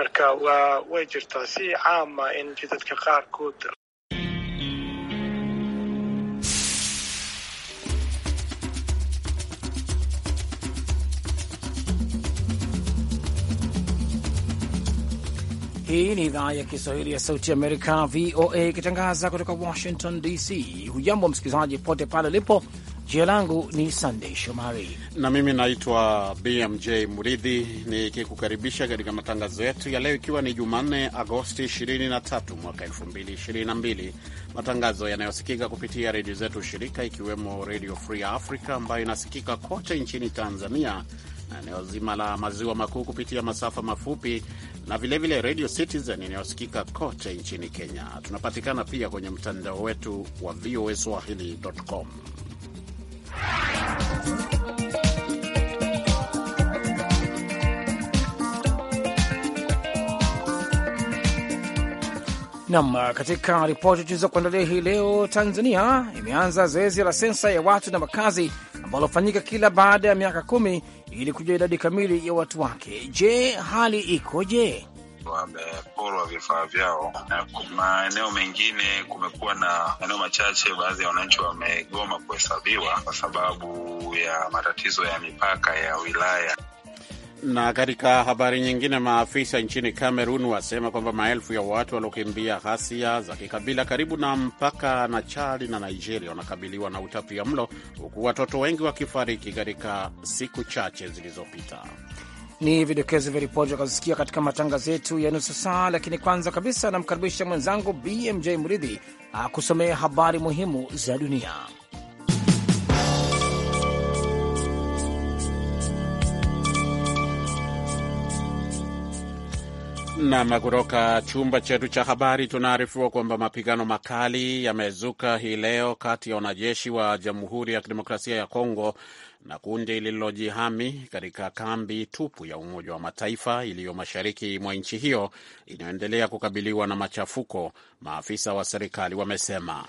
marka waa way jirtaa si caama ah in jidadka qaarkood Hii ni idhaa ya Kiswahili ya sauti Amerika, VOA, ikitangaza kutoka Washington DC. Hujambo msikilizaji pote pale ulipo. Jina langu ni Sandey Shomari na mimi naitwa BMJ Muridhi, nikikukaribisha katika matangazo yetu ya leo, ikiwa ni Jumanne Agosti 23 mwaka 2022, matangazo yanayosikika kupitia redio zetu shirika, ikiwemo Redio Free Africa ambayo inasikika kote nchini Tanzania na eneo zima la maziwa makuu kupitia masafa mafupi na vilevile Radio Citizen inayosikika kote nchini Kenya. Tunapatikana pia kwenye mtandao wetu wa voa swahili.com. Nam, uh, katika ripoti tulizo kuandalia hii leo, Tanzania imeanza zoezi la sensa ya watu na makazi ambalo hufanyika kila baada ya miaka kumi ili kujua idadi kamili ya watu wake. Je, hali ikoje? wameporwa vifaa vyao, na maeneo mengine kumekuwa na maeneo machache, baadhi ya wananchi wamegoma kuhesabiwa kwa sababu ya matatizo ya mipaka ya wilaya. Na katika habari nyingine, maafisa nchini Kamerun wasema kwamba maelfu ya watu waliokimbia ghasia za kikabila karibu na mpaka na chali na Nigeria wanakabiliwa na utapia mlo huku watoto wengi wakifariki katika siku chache zilizopita. Ni vidokezo vya ripoti wakazosikia katika matangazo yetu ya nusu saa, lakini kwanza kabisa namkaribisha mwenzangu BMJ Mridhi akusomea habari muhimu za dunia. Nam, kutoka chumba chetu cha habari tunaarifiwa kwamba mapigano makali yamezuka hii leo kati ya wanajeshi wa Jamhuri ya Kidemokrasia ya Kongo na kundi lililojihami katika kambi tupu ya Umoja wa Mataifa iliyo mashariki mwa nchi hiyo inayoendelea kukabiliwa na machafuko, maafisa wa serikali wamesema.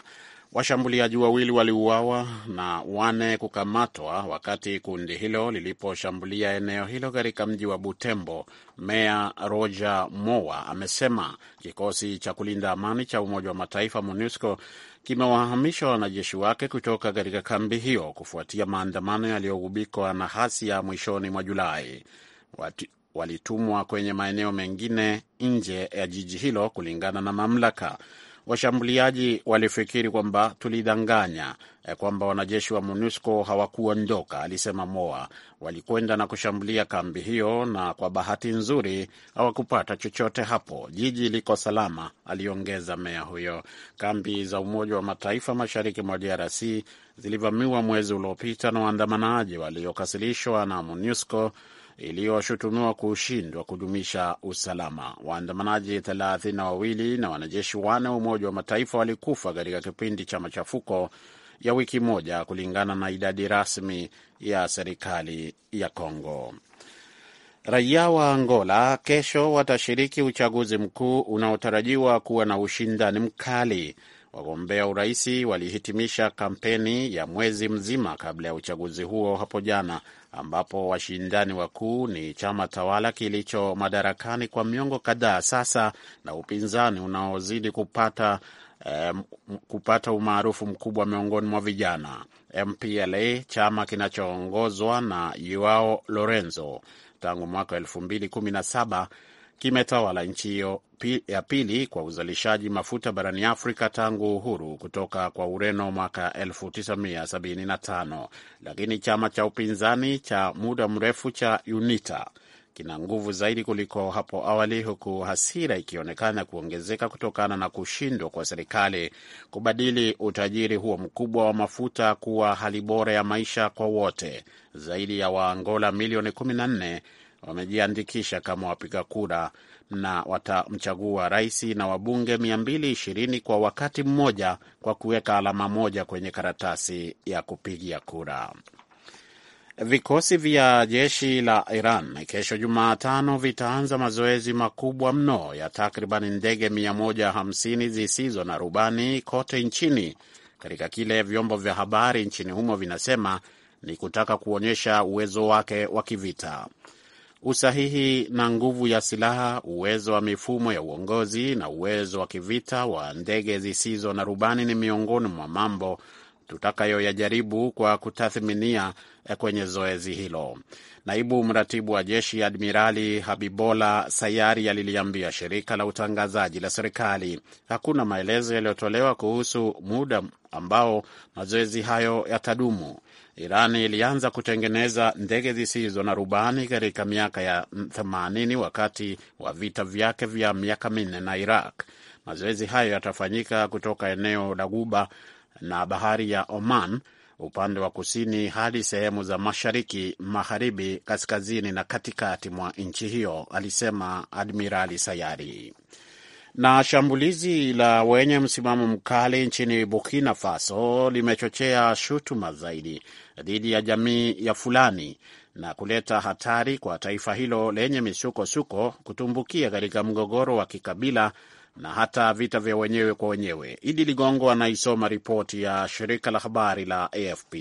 Washambuliaji wawili waliuawa na wane kukamatwa wakati kundi hilo liliposhambulia eneo hilo katika mji wa Butembo. Meya Roger moa amesema kikosi cha kulinda amani cha Umoja wa Mataifa MONUSCO kimewahamisha wanajeshi wake kutoka katika kambi hiyo kufuatia maandamano yaliyogubikwa na hasia mwishoni mwa Julai. Walitumwa kwenye maeneo mengine nje ya jiji hilo kulingana na mamlaka washambuliaji walifikiri kwamba tulidanganya eh, kwamba wanajeshi wa MONUSCO hawakuondoka, alisema Moa. Walikwenda na kushambulia kambi hiyo, na kwa bahati nzuri hawakupata chochote hapo. Jiji liko salama, aliongeza meya huyo. Kambi za Umoja wa Mataifa mashariki mwa DRC zilivamiwa mwezi uliopita na waandamanaji waliokasilishwa na MONUSCO iliyoshutumiwa kushindwa kudumisha usalama. Waandamanaji thelathini na wawili na wanajeshi wane wa Umoja wa Mataifa walikufa katika kipindi cha machafuko ya wiki moja, kulingana na idadi rasmi ya serikali ya Kongo. Raia wa Angola kesho watashiriki uchaguzi mkuu unaotarajiwa kuwa na ushindani mkali. Wagombea uraisi walihitimisha kampeni ya mwezi mzima kabla ya uchaguzi huo hapo jana, ambapo washindani wakuu ni chama tawala kilicho madarakani kwa miongo kadhaa sasa na upinzani unaozidi kupata eh, kupata umaarufu mkubwa miongoni mwa vijana. MPLA, chama kinachoongozwa na Joao Lorenzo tangu mwaka 2017 kimetawala nchi hiyo ya pili kwa uzalishaji mafuta barani Afrika tangu uhuru kutoka kwa Ureno mwaka 1975 lakini chama cha upinzani cha muda mrefu cha UNITA kina nguvu zaidi kuliko hapo awali, huku hasira ikionekana kuongezeka kutokana na kushindwa kwa serikali kubadili utajiri huo mkubwa wa mafuta kuwa hali bora ya maisha kwa wote. Zaidi ya Waangola milioni 14 wamejiandikisha kama wapiga kura na watamchagua rais na wabunge 220 kwa wakati mmoja kwa kuweka alama moja kwenye karatasi ya kupigia kura. Vikosi vya jeshi la Iran kesho Jumatano vitaanza mazoezi makubwa mno ya takriban ndege 150 zisizo na rubani kote nchini katika kile vyombo vya habari nchini humo vinasema ni kutaka kuonyesha uwezo wake wa kivita usahihi na nguvu ya silaha, uwezo wa mifumo ya uongozi na uwezo wa kivita wa ndege zisizo na rubani ni miongoni mwa mambo tutakayoyajaribu kwa kutathminia eh, kwenye zoezi hilo. Naibu mratibu wa jeshi Admirali Habibola Sayari aliliambia shirika la utangazaji la serikali hakuna maelezo yaliyotolewa kuhusu muda ambao mazoezi hayo yatadumu. Iran ilianza kutengeneza ndege zisizo na rubani katika miaka ya 80 wakati wa vita vyake vya miaka minne na Iraq. Mazoezi hayo yatafanyika kutoka eneo la guba na bahari ya Oman upande wa kusini hadi sehemu za mashariki, magharibi, kaskazini na katikati mwa nchi hiyo, alisema Admirali Sayari. Na shambulizi la wenye msimamo mkali nchini Burkina Faso limechochea shutuma zaidi dhidi ya jamii ya Fulani na kuleta hatari kwa taifa hilo lenye misukosuko kutumbukia katika mgogoro wa kikabila na hata vita vya wenyewe kwa wenyewe. Idi Ligongo anaisoma ripoti ya shirika la habari la AFP.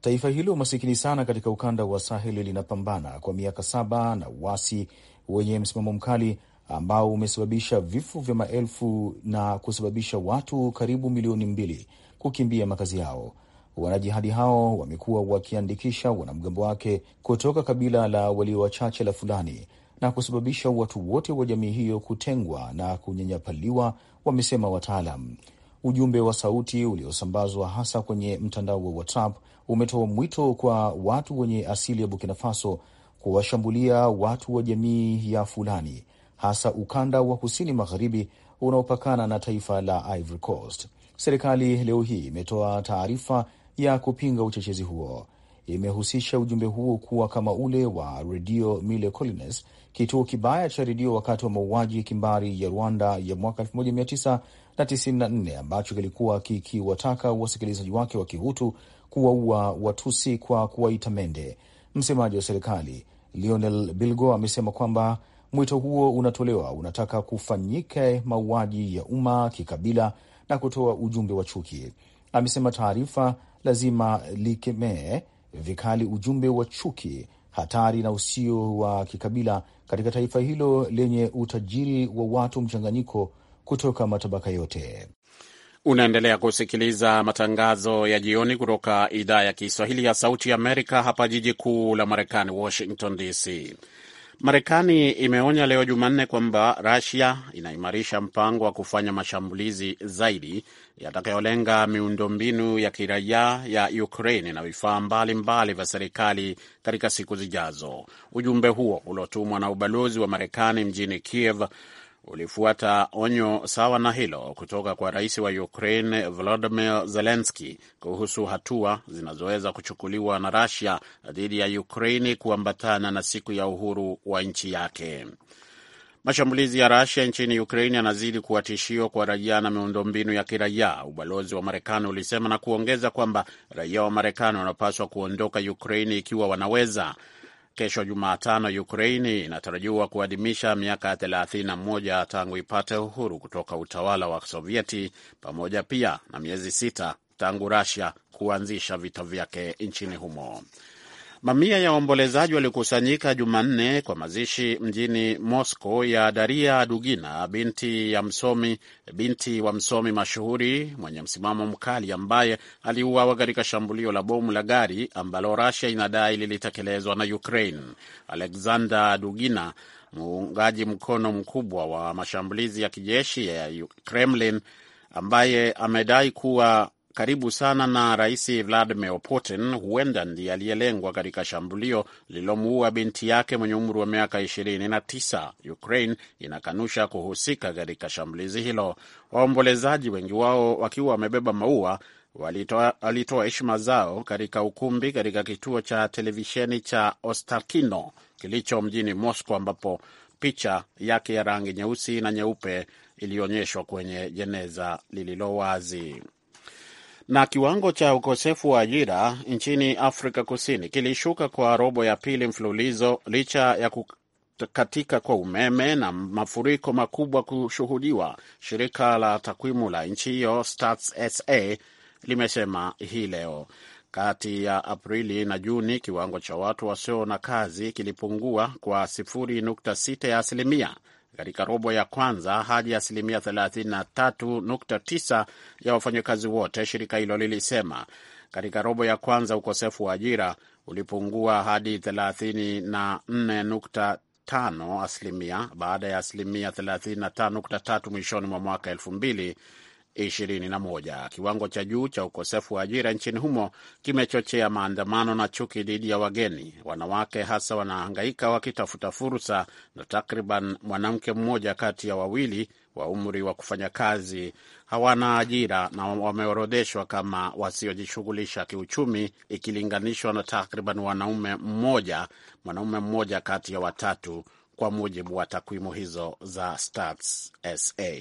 Taifa hilo masikini sana katika ukanda wa Saheli linapambana kwa miaka saba na uasi wenye msimamo mkali ambao umesababisha vifo vya maelfu na kusababisha watu karibu milioni mbili kukimbia makazi yao. Wanajihadi hao wamekuwa wakiandikisha wanamgambo wake kutoka kabila la walio wachache la Fulani na kusababisha watu wote wa jamii hiyo kutengwa na kunyanyapaliwa, wamesema wataalam. Ujumbe wa sauti uliosambazwa hasa kwenye mtandao wa WhatsApp umetoa mwito kwa watu wenye asili ya Burkina Faso kuwashambulia watu wa jamii ya Fulani hasa ukanda wa kusini magharibi unaopakana na taifa la Ivory Coast. Serikali leo hii imetoa taarifa ya kupinga uchochezi huo. Imehusisha ujumbe huo kuwa kama ule wa Redio Mille Collines, kituo kibaya cha redio wakati wa mauaji ya kimbari ya Rwanda ya mwaka 1994 ambacho kilikuwa kikiwataka wasikilizaji wake wa Kihutu kuwaua Watusi kwa kuwaita mende. Msemaji wa serikali Lionel Bilgo amesema kwamba Mwito huo unatolewa unataka kufanyike mauaji ya umma kikabila na kutoa ujumbe wa chuki. Amesema taarifa lazima likemee vikali ujumbe wa chuki hatari na usio wa kikabila katika taifa hilo lenye utajiri wa watu mchanganyiko kutoka matabaka yote. Unaendelea kusikiliza matangazo ya jioni kutoka idhaa ya Kiswahili ya Sauti ya Amerika, hapa jiji kuu la Marekani, Washington DC. Marekani imeonya leo Jumanne kwamba rasia inaimarisha mpango wa kufanya mashambulizi zaidi yatakayolenga miundombinu ya kiraia ya Ukraine na vifaa mbalimbali vya serikali katika siku zijazo. Ujumbe huo uliotumwa na ubalozi wa Marekani mjini Kiev ulifuata onyo sawa na hilo kutoka kwa rais wa Ukraine Volodymyr Zelensky kuhusu hatua zinazoweza kuchukuliwa na Russia dhidi ya Ukraini kuambatana na siku ya uhuru wa nchi yake. Mashambulizi ya Russia nchini Ukraine yanazidi kuwa tishio kwa raia na miundombinu ya kiraia, ubalozi wa Marekani ulisema na kuongeza kwamba raia wa Marekani wanapaswa kuondoka Ukraine ikiwa wanaweza. Kesho Jumatano, Ukraini inatarajiwa kuadhimisha miaka 31 tangu ipate uhuru kutoka utawala wa Sovieti, pamoja pia na miezi sita tangu Rusia kuanzisha vita vyake nchini humo. Mamia ya waombolezaji walikusanyika Jumanne kwa mazishi mjini Moscow ya Daria Dugina, binti ya msomi, binti wa msomi mashuhuri mwenye msimamo mkali ambaye aliuawa katika shambulio la bomu la gari ambalo rasia inadai lilitekelezwa na Ukraine. Alexander Dugina, muungaji mkono mkubwa wa mashambulizi ya kijeshi ya Kremlin, ambaye amedai kuwa karibu sana na Rais Vladimir Putin huenda ndiye aliyelengwa katika shambulio lililomuua binti yake mwenye umri wa miaka 29. Ukraine inakanusha kuhusika katika shambulizi hilo. Waombolezaji, wengi wao wakiwa wamebeba maua, walitoa heshima zao katika ukumbi katika kituo cha televisheni cha Ostakino kilicho mjini Moscow, ambapo picha yake ya rangi nyeusi na nyeupe ilionyeshwa kwenye jeneza lililo wazi na kiwango cha ukosefu wa ajira nchini Afrika Kusini kilishuka kwa robo ya pili mfululizo licha ya kukatika kwa umeme na mafuriko makubwa kushuhudiwa, shirika la takwimu la nchi hiyo Stats SA limesema hii leo. Kati ya Aprili na Juni, kiwango cha watu wasio na kazi kilipungua kwa 0.6 ya asilimia katika robo ya kwanza hadi asilimia 33.9 ya wafanyakazi wote, shirika hilo lilisema. Katika robo ya kwanza ukosefu wa ajira ulipungua hadi 34.5 asilimia baada ya asilimia 35.3 mwishoni mwa mwaka elfu mbili 21. Kiwango cha juu cha ukosefu wa ajira nchini humo kimechochea maandamano na chuki dhidi ya wageni. Wanawake hasa wanahangaika wakitafuta fursa, na takriban mwanamke mmoja kati ya wawili wa umri wa kufanya kazi hawana ajira na wameorodheshwa kama wasiojishughulisha kiuchumi ikilinganishwa na takriban wanaume mmoja mwanaume mmoja kati ya watatu kwa mujibu wa takwimu hizo za Stats SA.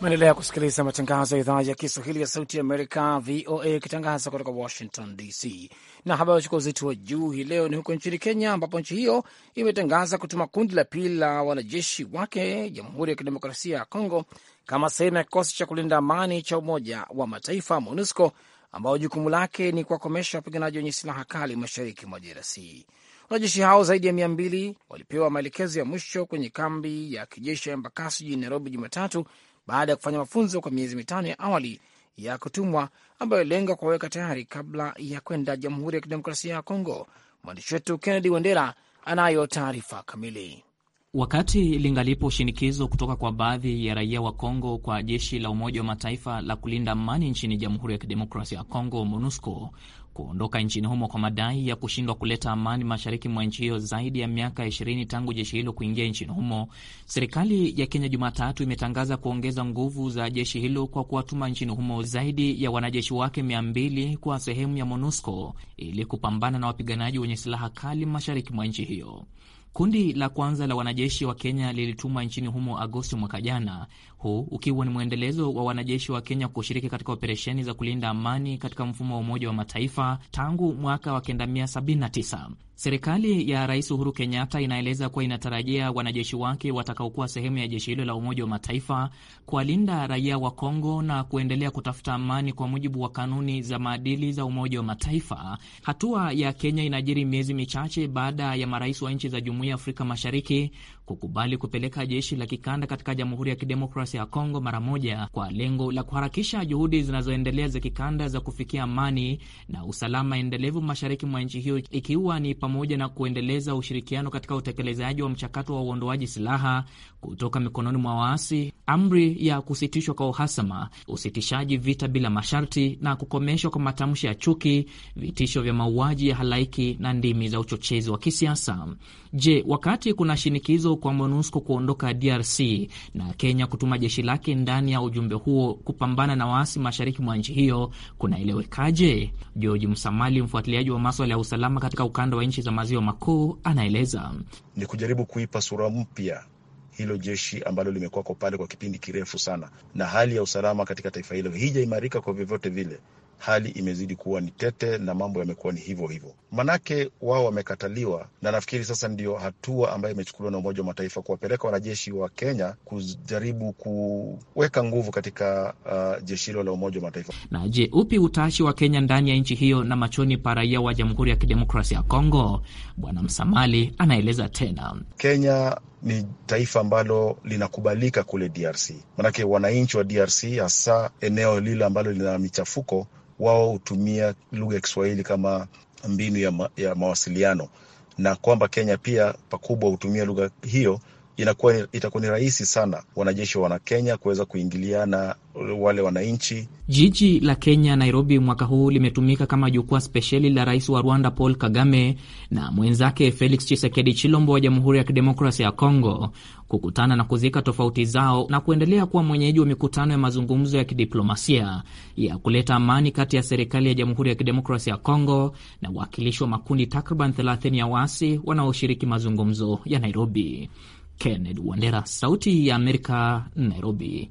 Maendelea kusikiliza matangazo ya idhaa ya Kiswahili ya Sauti ya Amerika, VOA, ikitangaza kutoka Washington DC. Na habari wachukua uzito wa juu hii leo ni huko nchini Kenya, ambapo nchi hiyo imetangaza kutuma kundi la pili la wanajeshi wake Jamhuri ya Kidemokrasia ya Kongo kama sehemu ya kikosi cha kulinda amani cha Umoja wa Mataifa, MONUSCO, ambao jukumu lake ni kuwakomesha wapiganaji wenye silaha kali mashariki mwa DRC. Wanajeshi hao zaidi ya mia mbili walipewa maelekezo ya mwisho kwenye kambi ya kijeshi ya Embakasi jijini Nairobi Jumatatu, baada ya kufanya mafunzo kwa miezi mitano ya awali ya kutumwa ambayo lenga kuwaweka tayari kabla ya kwenda Jamhuri ya Kidemokrasia ya Kongo. Mwandishi wetu Kennedy Wendera anayo taarifa kamili. Wakati lingalipo shinikizo kutoka kwa baadhi ya raia wa Kongo kwa jeshi la Umoja wa Mataifa la kulinda amani nchini Jamhuri ya Kidemokrasia ya Kongo, MONUSCO, kuondoka nchini humo kwa madai ya kushindwa kuleta amani mashariki mwa nchi hiyo zaidi ya miaka 20 tangu jeshi hilo kuingia nchini humo. Serikali ya Kenya Jumatatu imetangaza kuongeza nguvu za jeshi hilo kwa kuwatuma nchini humo zaidi ya wanajeshi wake 200 kwa sehemu ya MONUSCO ili kupambana na wapiganaji wenye silaha kali mashariki mwa nchi hiyo. Kundi la kwanza la wanajeshi wa Kenya lilitumwa nchini humo Agosti mwaka jana, huu ukiwa ni mwendelezo wa wanajeshi wa Kenya kushiriki katika operesheni za kulinda amani katika mfumo wa Umoja wa Mataifa tangu mwaka wa 1979. Serikali ya Rais Uhuru Kenyatta inaeleza kuwa inatarajia wanajeshi wake watakaokuwa sehemu ya jeshi hilo la Umoja wa Mataifa kuwalinda raia wa Kongo na kuendelea kutafuta amani kwa mujibu wa kanuni za maadili za Umoja wa Mataifa. Hatua ya Kenya inajiri miezi michache baada ya marais wa nchi za Jumuiya ya Afrika Mashariki kukubali kupeleka jeshi la kikanda katika Jamhuri ya Kidemokrasia ya Kongo mara moja kwa lengo la kuharakisha juhudi zinazoendelea za kikanda za kufikia amani na usalama endelevu mashariki mwa nchi hiyo, ikiwa ni pamoja na kuendeleza ushirikiano katika utekelezaji wa mchakato wa uondoaji silaha kutoka mikononi mwa waasi, amri ya kusitishwa kwa uhasama, usitishaji vita bila masharti na kukomeshwa kwa matamshi ya chuki, vitisho vya mauaji ya halaiki na ndimi za uchochezi wa kisiasa. Je, wakati kuna shinikizo kwa MONUSCO kuondoka DRC na Kenya kutuma jeshi lake ndani ya ujumbe huo kupambana na waasi mashariki mwa nchi hiyo kunaelewekaje? George Msamali, mfuatiliaji wa maswala ya usalama katika ukanda wa nchi za maziwa makuu, anaeleza. Ni kujaribu kuipa sura mpya hilo jeshi ambalo limekuwako pale kwa kipindi kirefu sana, na hali ya usalama katika taifa hilo hijaimarika kwa vyovyote vile hali imezidi kuwa ni tete na mambo yamekuwa ni hivyo hivyo, manake wao wamekataliwa, na nafikiri sasa ndio hatua ambayo imechukuliwa na Umoja wa Mataifa kuwapeleka wanajeshi wa Kenya kujaribu kuweka nguvu katika uh, jeshi hilo la Umoja wa Mataifa. Na je, upi utashi wa Kenya ndani ya nchi hiyo na machoni pa raia wa Jamhuri ya Kidemokrasia ya Kongo? Bwana Msamali anaeleza tena. Kenya ni taifa ambalo linakubalika kule DRC, manake wananchi wa DRC hasa eneo lile ambalo lina michafuko wao hutumia lugha ya Kiswahili kama mbinu ya, ma, ya mawasiliano na kwamba Kenya pia pakubwa hutumia lugha hiyo inakuwa itakuwa ni rahisi sana wanajeshi wa Wanakenya kuweza kuingiliana wale wananchi. Jiji la Kenya Nairobi mwaka huu limetumika kama jukwaa spesheli la rais wa Rwanda Paul Kagame na mwenzake Felix chisekedi Chilombo wa Jamhuri ya Kidemokrasia ya Kongo kukutana na kuzika tofauti zao na kuendelea kuwa mwenyeji wa mikutano ya mazungumzo ya kidiplomasia ya kuleta amani kati ya serikali ya Jamhuri ya Kidemokrasia ya Kongo na uwakilishi wa makundi takriban 30 ya waasi wanaoshiriki mazungumzo ya Nairobi. Kennedy Wandera, Sauti ya Amerika, Nairobi.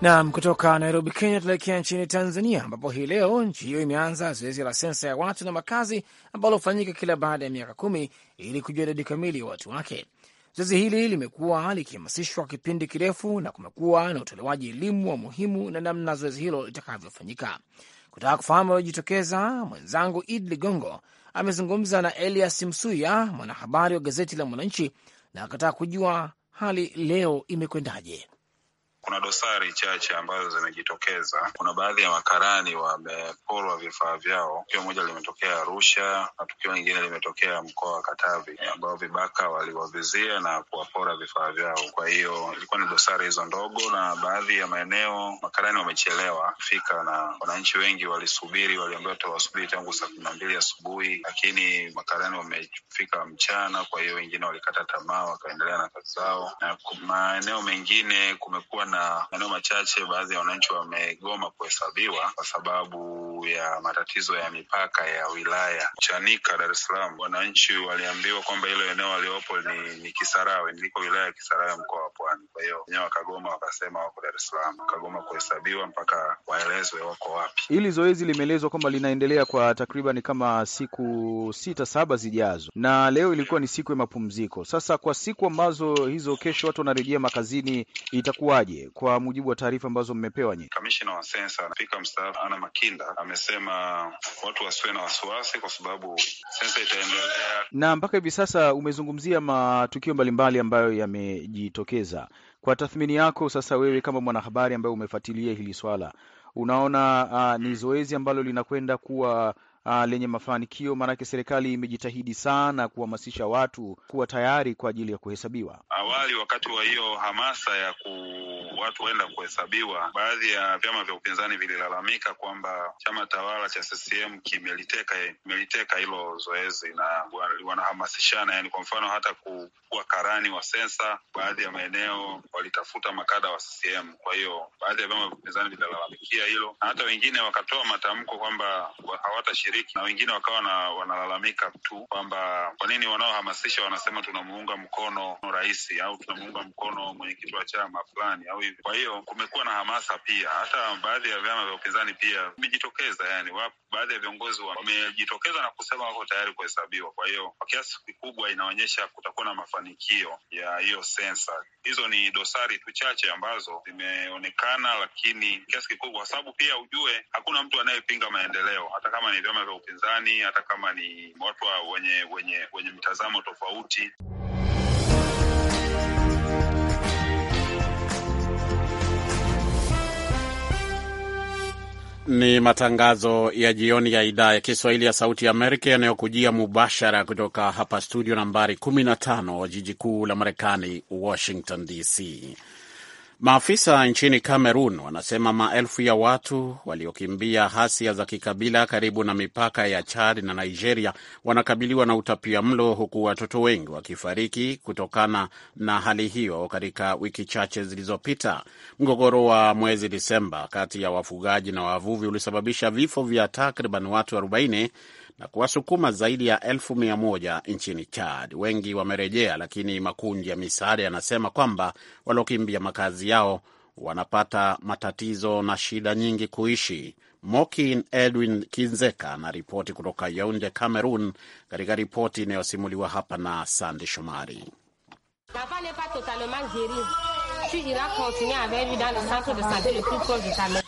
Nam, kutoka Nairobi, Kenya, tunaelekea nchini Tanzania, ambapo hii leo nchi hiyo imeanza zoezi la sensa ya watu na makazi ambalo hufanyika kila baada ya miaka kumi ili kujua idadi kamili ya watu wake. Zoezi hili limekuwa likihamasishwa kipindi kirefu na kumekuwa na utolewaji elimu wa muhimu na namna zoezi hilo litakavyofanyika. Kutaka kufahamu aliojitokeza mwenzangu Id Ligongo amezungumza na Elias Msuya, mwanahabari wa gazeti la Mwananchi, na akataka kujua hali leo imekwendaje kuna dosari chache ambazo zimejitokeza. Kuna baadhi ya makarani wameporwa vifaa vyao. Tukio moja limetokea Arusha na tukio lingine limetokea mkoa wa Katavi, ambao vibaka waliwavizia na kuwapora vifaa vyao. Kwa hiyo ilikuwa ni dosari hizo ndogo, na baadhi ya maeneo makarani wamechelewa fika, na wananchi wengi walisubiri, waliambiwa tutawasubiri tangu saa kumi na mbili asubuhi, lakini makarani wamefika mchana. Kwa hiyo wengine walikata tamaa, wakaendelea na kazi zao, na maeneo mengine kumekuwa na maeneo machache baadhi ya wananchi wamegoma kuhesabiwa kwa sababu sababu ya matatizo ya mipaka ya wilaya Chanika, Dar es Salaam, wananchi waliambiwa kwamba hilo eneo waliopo ni, ni Kisarawe, niliko wilaya ya Kisarawe, mkoa wa Pwani. Kwa hiyo wenyewe wakagoma, wakasema wako Dar es Salaam, wakagoma kuhesabiwa mpaka waelezwe wako wapi. Hili zoezi limeelezwa kwamba linaendelea kwa takriban kama siku sita saba zijazo, na leo ilikuwa ni siku ya mapumziko. Sasa kwa siku ambazo hizo, kesho watu wanarejea makazini, itakuwaje kwa mujibu wa taarifa ambazo mmepewa nyinyi? Kamishina wa sensa spika mstaafu Ana Makinda ame amesema watu wasiwe na wasiwasi kwa sababu sensa itaendelea. Na mpaka hivi sasa umezungumzia matukio mbalimbali ambayo yamejitokeza. Kwa tathmini yako sasa, wewe kama mwanahabari ambaye umefuatilia hili swala, unaona uh, ni zoezi ambalo linakwenda kuwa uh, lenye mafanikio? Maanake serikali imejitahidi sana kuhamasisha watu kuwa tayari kwa ajili ya kuhesabiwa. Awali wakati wa hiyo hamasa ya ku watu waenda kuhesabiwa. Baadhi ya vyama vya upinzani vililalamika kwamba chama tawala cha CCM kimeliteka kimeliteka hilo zoezi na wanahamasishana, yani kwa mfano hata kuwa karani wa sensa, baadhi ya maeneo walitafuta makada wa CCM. Kwa hiyo baadhi ya vyama vya upinzani vililalamikia hilo na hata wengine wakatoa matamko kwamba hawatashiriki, na wengine wakawa na, wanalalamika tu kwamba kwa nini wanaohamasisha wanasema tunamuunga mkono rais au tunamuunga mkono mwenyekiti wa chama fulani au hivi. Kwa hiyo kumekuwa na hamasa pia, hata baadhi ya vyama vya upinzani pia vimejitokeza, yani wapo baadhi ya viongozi wamejitokeza na kusema wako tayari kuhesabiwa. Kwa hiyo kwa kiasi kikubwa inaonyesha kutakuwa na mafanikio ya hiyo sensa. Hizo ni dosari tu chache ambazo zimeonekana, lakini kiasi kikubwa, kwa sababu pia ujue hakuna mtu anayepinga maendeleo, hata kama ni vyama vya upinzani, hata kama ni watu wenye wenye wenye mitazamo tofauti. Ni matangazo ya jioni ya idhaa ya Kiswahili ya Sauti ya Amerika yanayokujia mubashara kutoka hapa studio nambari 15 jiji kuu la Marekani, Washington DC. Maafisa nchini Kamerun wanasema maelfu ya watu waliokimbia hasia za kikabila karibu na mipaka ya Chad na Nigeria wanakabiliwa na utapia mlo huku watoto wengi wakifariki kutokana na hali hiyo katika wiki chache zilizopita. Mgogoro wa mwezi Disemba kati ya wafugaji na wavuvi ulisababisha vifo vya takriban watu na kuwasukuma zaidi ya elfu mia moja nchini Chad. Wengi wamerejea, lakini makundi ya misaada yanasema kwamba waliokimbia makazi yao wanapata matatizo na shida nyingi kuishi. Mokin Edwin Kinzeka na ripoti kutoka Yaunde, Cameroon, katika ripoti inayosimuliwa hapa na Sande Shomari.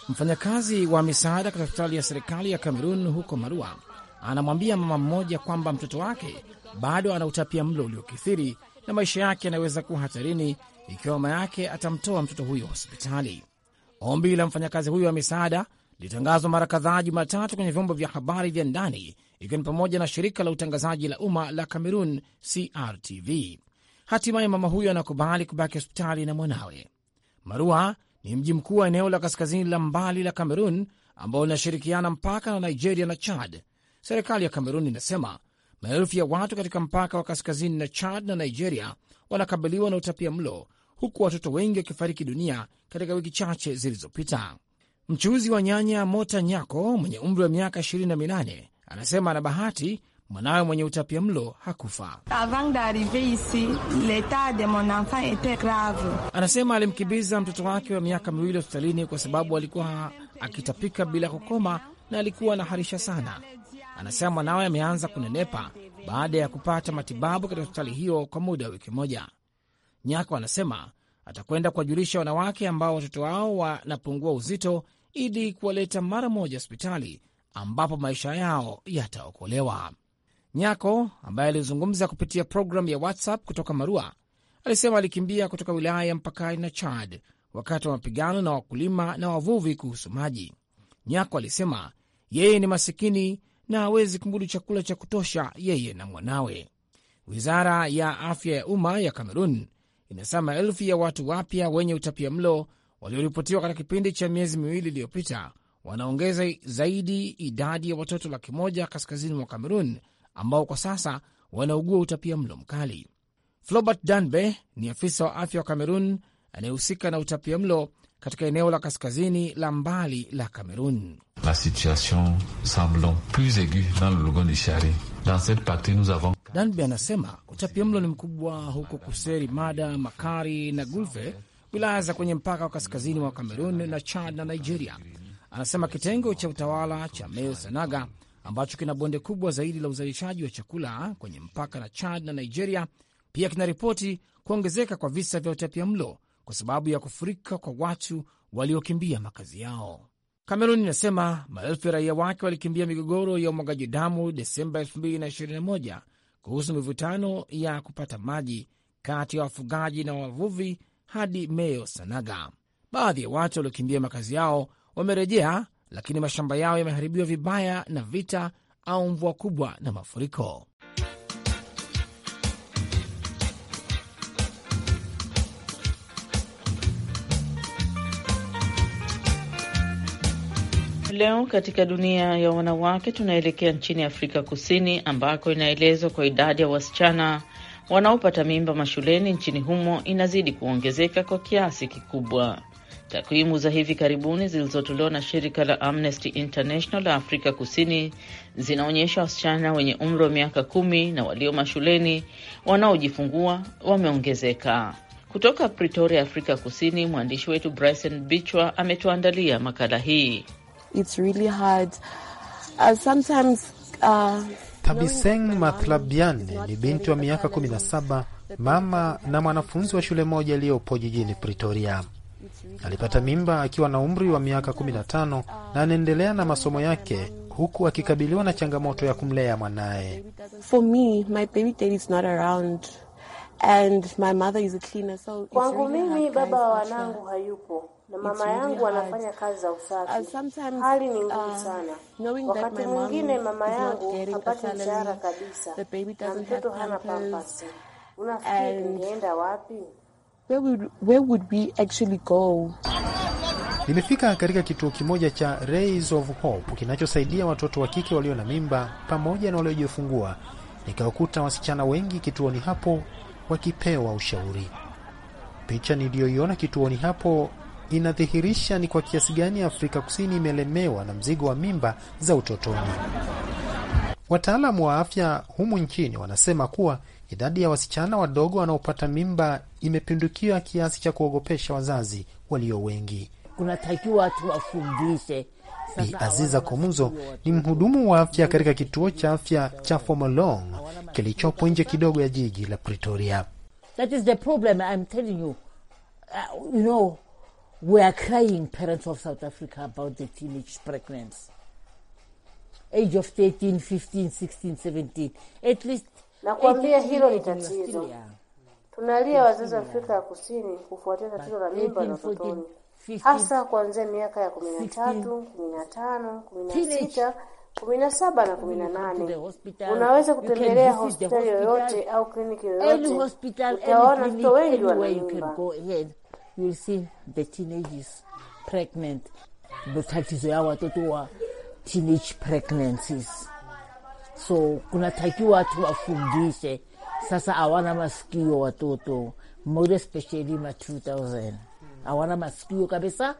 Mfanyakazi wa misaada katika hospitali ya serikali ya Cameroon huko Marua anamwambia mama mmoja kwamba mtoto wake bado anautapia mlo uliokithiri na maisha yake yanaweza kuwa hatarini ikiwa mama yake atamtoa mtoto huyo hospitali. Ombi la mfanyakazi huyo wa misaada lilitangazwa mara kadhaa Jumatatu kwenye vyombo vya habari vya ndani, ikiwa ni pamoja na shirika la utangazaji la umma la Cameroon, CRTV. Hatimaye mama huyo anakubali kubaki hospitali na mwanawe. Marua ni mji mkuu wa eneo la kaskazini la mbali la Cameroon ambao linashirikiana mpaka na Nigeria na Chad Serikali ya Kamerun inasema maelfu ya watu katika mpaka wa kaskazini na Chad na Nigeria wanakabiliwa na utapia mlo, huku watoto wengi wakifariki dunia katika wiki chache zilizopita. Mchuuzi wa nyanya Mota Nyako mwenye umri wa miaka 28 anasema ana bahati mwanawe mwenye utapia mlo hakufa. Anasema alimkimbiza mtoto wake wa miaka miwili hospitalini kwa sababu alikuwa akitapika bila kukoma na alikuwa anaharisha sana. Anasema mwanawe ameanza kunenepa baada ya kupata matibabu katika hospitali hiyo kwa muda wa wiki moja. Nyako anasema atakwenda kuwajulisha wanawake ambao watoto wao wanapungua uzito ili kuwaleta mara moja hospitali ambapo maisha yao yataokolewa. Nyako ambaye alizungumza kupitia programu ya WhatsApp kutoka Marua alisema alikimbia kutoka wilaya ya mpakani na Chad wakati wa mapigano na wakulima na wavuvi kuhusu maji. Nyako alisema yeye ni masikini na hawezi kumudu chakula cha kutosha yeye na mwanawe. Wizara ya afya ya umma ya Kamerun imesema elfu ya watu wapya wenye utapia mlo walioripotiwa katika kipindi cha miezi miwili iliyopita wanaongeza zaidi idadi ya watoto laki moja kaskazini mwa Kamerun ambao kwa sasa wanaugua utapia mlo mkali. Flobert Danbe ni afisa wa afya wa Kamerun anayehusika na utapia mlo katika eneo la kaskazini la mbali la Kamerun. La situation semble plus aiguë dans le Dans cette partie nous avons anasema utapiamlo ni mkubwa huko Kuseri, Mada, Makari na Gulfe, wilaya za kwenye mpaka wa kaskazini wa Kamerun na Chad na Nigeria. Anasema kitengo cha utawala cha Meo Sanaga ambacho kina bonde kubwa zaidi la uzalishaji wa chakula kwenye mpaka na Chad na Nigeria pia kinaripoti kuongezeka kwa visa vya utapia mlo kwa sababu ya kufurika kwa watu waliokimbia makazi yao. Kamerun inasema maelfu ya raia wake walikimbia migogoro ya umwagaji damu Desemba 2021 kuhusu mivutano ya kupata maji kati ya wafugaji na wavuvi hadi Meyo Sanaga. Baadhi ya watu waliokimbia makazi yao wamerejea, lakini mashamba yao yameharibiwa vibaya na vita au mvua kubwa na mafuriko. leo katika dunia ya wanawake, tunaelekea nchini Afrika Kusini ambako inaelezwa kwa idadi ya wasichana wanaopata mimba mashuleni nchini humo inazidi kuongezeka kwa kiasi kikubwa. Takwimu za hivi karibuni zilizotolewa na shirika la Amnesty International la Afrika Kusini zinaonyesha wasichana wenye umri wa miaka kumi na walio mashuleni wanaojifungua wameongezeka. Kutoka Pretoria, Afrika Kusini, mwandishi wetu Bryson Bichwa ametuandalia makala hii it's really hard. Uh, sometimes, uh, Tabiseng Mathlabiane ni binti wa miaka 17, mama na mwanafunzi wa shule moja iliyopo jijini Pretoria. Alipata mimba akiwa na umri wa miaka 15 na anaendelea na masomo yake huku akikabiliwa na changamoto ya kumlea mwanaye. Kwangu mimi baba wa wanangu hayupo na mama yangu anafanya kazi za usafi. Uh, Hali ni ngumu uh, sana. Wakati mwingine mama yangu hapati mshahara kabisa, na mtoto hana pampasi. Unafikiri tungeenda wapi? Where would, where would we actually go? Nimefika katika kituo kimoja cha Rays of Hope kinachosaidia watoto wa kike walio na mimba pamoja na waliojifungua, nikawakuta wasichana wengi kituoni hapo wakipewa ushauri. Picha niliyoiona kituoni hapo inadhihirisha ni kwa kiasi gani Afrika Kusini imelemewa na mzigo wa mimba za utotoni. Wataalamu wa afya humu nchini wanasema kuwa idadi ya wasichana wadogo wanaopata mimba imepindukiwa kiasi cha kuogopesha wazazi walio wengi. Kunatakiwa tuwafundishe. Bi Aziza Komuzo ni mhudumu wa afya katika kituo cha afya cha Fomolong kilichopo nje kidogo ya jiji la Pretoria. That is the problem I'm telling you. Uh, you know, We are crying, parents of South Africa, about the teenage pregnancy. Age of 13, 15, 16, 17. At least Na kuambia hilo ni tatizo. Tunalia wazazi wa Afrika ya Kusini kufuatia tatizo la mimba na utotoni, hasa kuanzia miaka ya 13, 15, 16, 17 na 18. Mm, unaweza kutembelea hospitali yoyote au kliniki yoyote, utaona watoto wengi wana mimba you will see the teenagers pregnant, tatizo ya watoto wa teenage pregnancies. So kunatakiwa tuwafundishe sasa, awana masikio watoto, more especially ma 2000 awana masikio kabisa.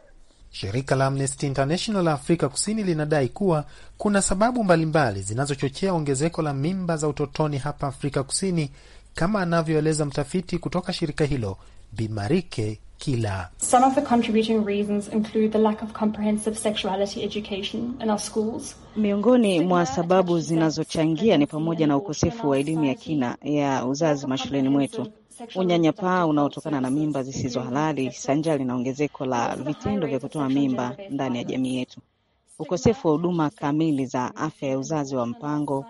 Shirika la Amnesty International la Afrika Kusini linadai kuwa kuna sababu mbalimbali zinazochochea ongezeko la mimba za utotoni hapa Afrika Kusini, kama anavyoeleza mtafiti kutoka shirika hilo Bimarike kila. Some of the contributing reasons include the lack of comprehensive sexuality education in our schools. Miongoni mwa sababu zinazochangia ni pamoja na ukosefu wa elimu ya kina ya uzazi mashuleni mwetu, unyanyapaa unaotokana na mimba zisizo halali sanjali na ongezeko la vitendo vya kutoa mimba ndani ya jamii yetu, ukosefu wa huduma kamili za afya ya uzazi wa mpango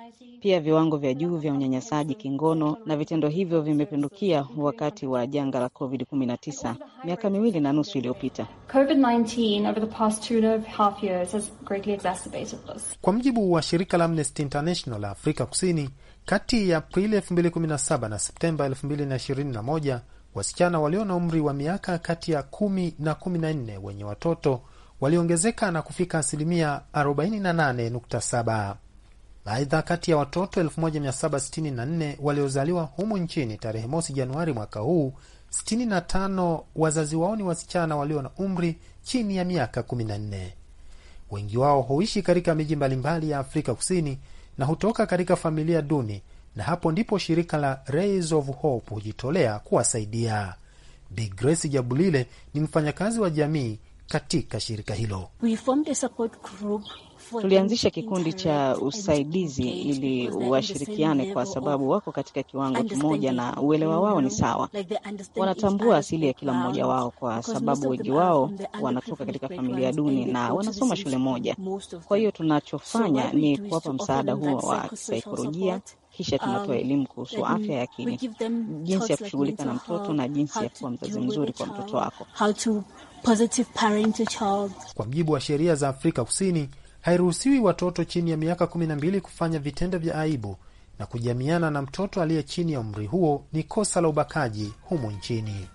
pia viwango vya juu vya unyanyasaji kingono na vitendo hivyo vimepindukia wakati wa janga la COVID-19 miaka miwili na nusu iliyopita. Kwa mjibu wa shirika la Amnesty International la Afrika Kusini, kati ya Aprili 2017 na Septemba 2021 wasichana walio na umri wa miaka kati ya 10 na 14 wenye watoto waliongezeka na kufika asilimia 48.7. Aidha, kati ya watoto 1764 waliozaliwa humu nchini tarehe mosi Januari mwaka huu, 65 wazazi wao ni wasichana walio na umri chini ya miaka 14. Wengi wao huishi katika miji mbalimbali ya Afrika Kusini na hutoka katika familia duni, na hapo ndipo shirika la Rays of Hope hujitolea kuwasaidia. Bi Grace Jabulile ni mfanyakazi wa jamii katika shirika hilo. Tulianzisha kikundi cha usaidizi ili washirikiane, kwa sababu wako katika kiwango kimoja na uelewa wao ni sawa. Wanatambua asili ya kila mmoja wao, kwa sababu wengi wao wanatoka katika familia duni na wanasoma shule moja. Kwa hiyo tunachofanya ni kuwapa msaada huo wa kisaikolojia kisha tunatoa um, elimu kuhusu afya ya akili, jinsi ya kushughulika na mtoto na jinsi ya kuwa mzazi mzuri kwa mtoto wako positive parent to child. Kwa mjibu wa sheria za Afrika Kusini, hairuhusiwi watoto chini ya miaka 12 kufanya vitendo vya aibu na kujamiana na mtoto aliye chini ya umri huo ni kosa la ubakaji humo nchini.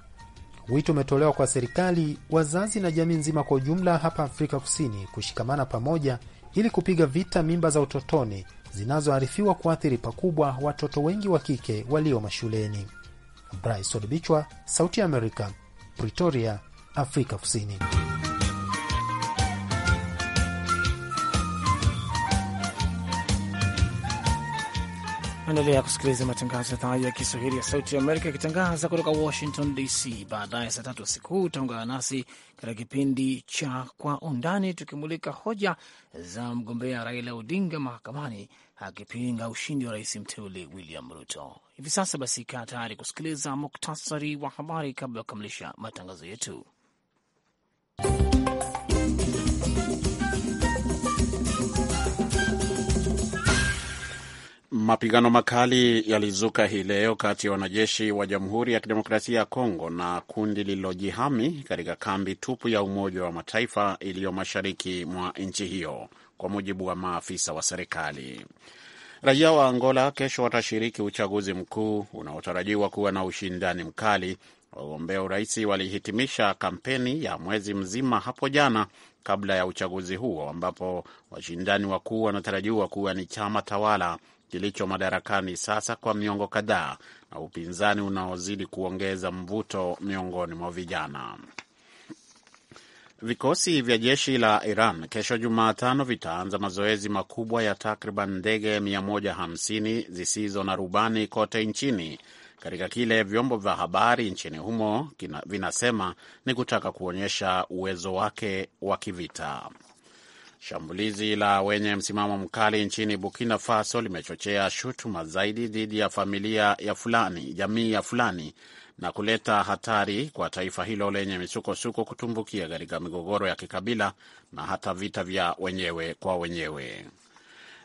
Wito umetolewa kwa serikali, wazazi na jamii nzima kwa ujumla hapa Afrika Kusini kushikamana pamoja ili kupiga vita mimba za utotoni zinazoarifiwa kuathiri pakubwa watoto wengi wa kike walio mashuleni. Sauti ya Amerika, Pretoria, Afrika Kusini. Endelea kusikiliza matangazo ya idhaa ya Kiswahili ya Sauti ya Amerika ikitangaza kutoka Washington DC. Baadaye saa tatu usiku utaungana nasi katika kipindi cha Kwa Undani, tukimulika hoja za mgombea Raila Odinga mahakamani akipinga ushindi wa rais mteule William Ruto. Hivi sasa basi, kaa tayari kusikiliza muktasari wa habari kabla ya kukamilisha matangazo yetu. Mapigano makali yalizuka hii leo kati ya wanajeshi wa Jamhuri ya Kidemokrasia ya Kongo na kundi lililojihami katika kambi tupu ya Umoja wa Mataifa iliyo mashariki mwa nchi hiyo, kwa mujibu wa maafisa wa serikali. Raia wa Angola kesho watashiriki uchaguzi mkuu unaotarajiwa kuwa na ushindani mkali Wagombea urais walihitimisha kampeni ya mwezi mzima hapo jana kabla ya uchaguzi huo ambapo washindani wakuu wanatarajiwa kuwa ni chama tawala kilicho madarakani sasa kwa miongo kadhaa na upinzani unaozidi kuongeza mvuto miongoni mwa vijana. Vikosi vya jeshi la Iran kesho Jumatano vitaanza mazoezi makubwa ya takriban ndege 150 zisizo na rubani kote nchini katika kile vyombo vya habari nchini humo kina, vinasema ni kutaka kuonyesha uwezo wake wa kivita. Shambulizi la wenye msimamo mkali nchini Burkina Faso limechochea shutuma zaidi dhidi ya familia ya fulani, jamii ya fulani na kuleta hatari kwa taifa hilo lenye misukosuko kutumbukia katika migogoro ya kikabila na hata vita vya wenyewe kwa wenyewe.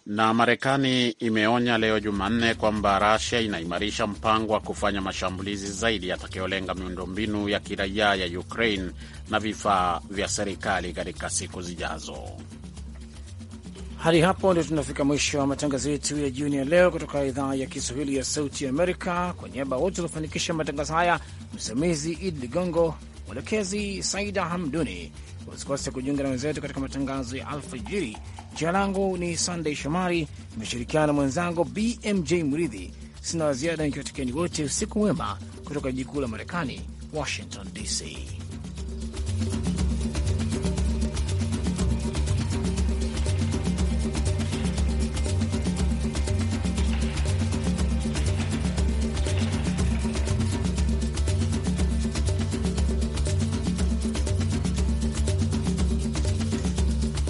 Na Marekani imeonya leo Jumanne kwamba Rasia inaimarisha mpango wa kufanya mashambulizi zaidi yatakayolenga miundombinu ya kiraia ya Ukraine na vifaa vya serikali katika siku zijazo. Hadi hapo ndio tunafika mwisho wa matangazo yetu ya jioni ya leo kutoka idhaa ya Kiswahili ya Sauti Amerika. Kwa niaba ya wote waliofanikisha matangazo haya, msimamizi Idi Ligongo, mwelekezi Saida Hamduni. Usikose kujiunga na wenzetu katika matangazo ya alfajiri. Jina langu ni Sandey Shomari, imeshirikiana na mwenzangu BMJ Mridhi. Sina waziada nikiwatakieni wote usiku mwema kutoka jikuu la Marekani, Washington DC.